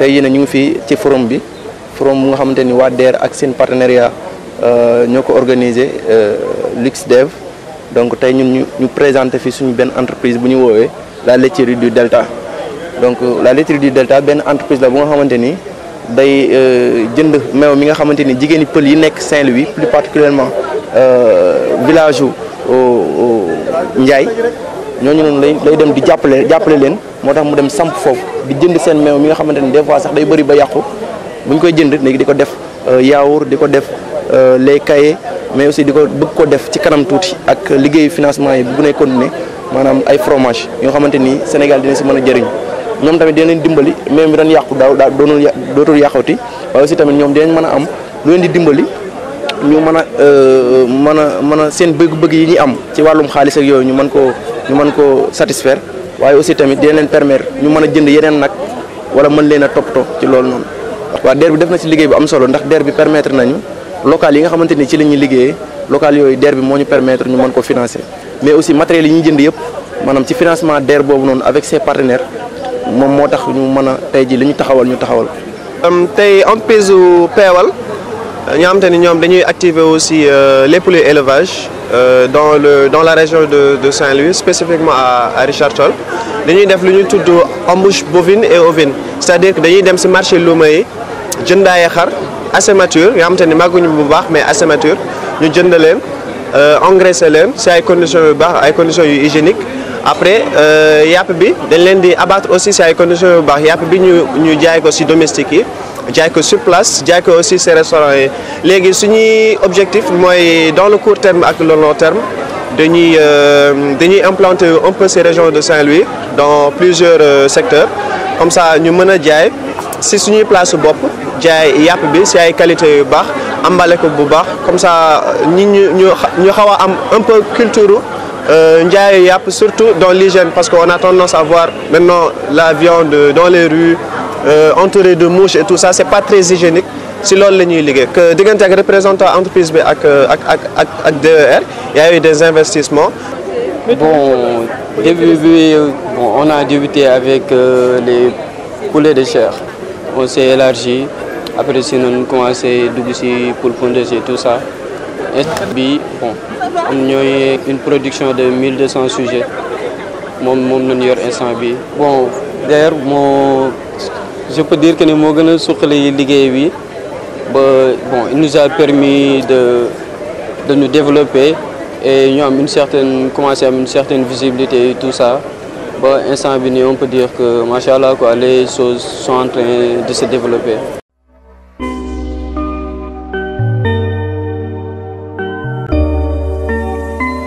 tey yéen ñu ngi fii ci forum bi forum bu nga xamante ni waa DER ak seen partenariat euh, ñoo ko organisé euh, LuxDev donc tey ñun ñu ñu présenté fi suñu benn entreprise bu ñu woowee la laiterie du Delta. donc euh, la laiterie du Delta benn entreprise la bu nga xamante ni day jënd meew mi nga xamante ni jigéeni pël yi nekk Saint-Louis plus particulièrement village u Ndiaye ñooñu noonu lay lay dem di jàppale jàppale leen. moo tax mu dem samp foofu di jënd seen meew mi nga xamante ni des fois sax day bëri ba yàqu bu ñu koy jënd léegi di ko def euh, yaourt di ko def euh, les cahiers mais aussi di ko bëgg ko def ci kanam tuuti ak liggéeyu financement yi bu ne continuer maanaam ay fromage yoo xamante ni Sénégal dina si man a jariñ ñoom tamit dina leen dimbali même bi doon yàqu daaw daal doonul dootul yàqawti waaye aussi tamit ñoom dinañ mën a am lu leen di dimbali ñu mën a euh, mën a mën a seen bëgg-bëgg yi ñuy am ci wàllum xaalis yooyu ñu mën koo ñu mën koo satisfaire waaye aussi tamit dina leen permettre ñu mën a jënd yeneen nag wala mën leen a toppatoo ci loolu noonu. waaw DER bi def na ci liggéey bu am solo ndax DER bi permettre nañu local yi nga xamante ni ci la ñuy liggéeyee local yooyu DER bi moo ñu permettre ñu mën ko financer mais aussi matériels yi ñuy jënd yëpp maanaam ci financement DER boobu noonu avec ses partenaires moom moo tax ñu mën a tey jii li ñu taxawal ñu taxawal. Euh, tey entreprise Peewal ñoo xam te ni ñoom dañuy activer aussi euh, les poulets élevage euh, dans le dans la région de de Saint-Louis spécifiquement à à Richard Toll dañuy def lu ñu tudd embouche bovine et ovine c'est-à-dire que dañuy dem si marché luuma yi jëndaaye xar assez mature nga xam te ne màgguñu bu baax mais assez mature ñu jënd leen euh, engraissé leen si ay conditions yu baax ay conditions yu hygiénique après euh, yàpp bi dañ leen di abattre aussi si ay conditions yu baax yàpp bi ñu ñu jaay ko si domestique yi jaay ko sur place jaay ko aussi si restaurants yi léegi suñuy objectif mooy dans le court terme ak le long terme dañuy euh, dañuy implanter un peu ces régions de Saint-Louis dans plusieurs euh, secteurs comme ça nous menons a jaay si suñuy place bopp jaay yàpp bi c'est ay qualité yu comme ça nous avons un peu culture euh, surtout dans l'hygiène parce qu'on a tendance à voir maintenant la viande dans les rues euh, entourée de mouches et tout ça c'est pas très hygiénique si l'on est ñuy que des ak représentant entreprise bi ak e y a eu des investissements Bon, début, on a débuté avec euh, les poulets de chair. On s'est élargi. Après, nous on a commencé à pour le et tout ça. Et bon, on a une production de 1200 sujets. Mon, mon Bon, d'ailleurs, je peux dire que nous avons Bon, il nous a permis de, de nous développer et ils ont une certaine, commencé à une certaine visibilité et tout ça. Bon, instant on peut dire que, machallah, quoi, les choses sont en train de se développer.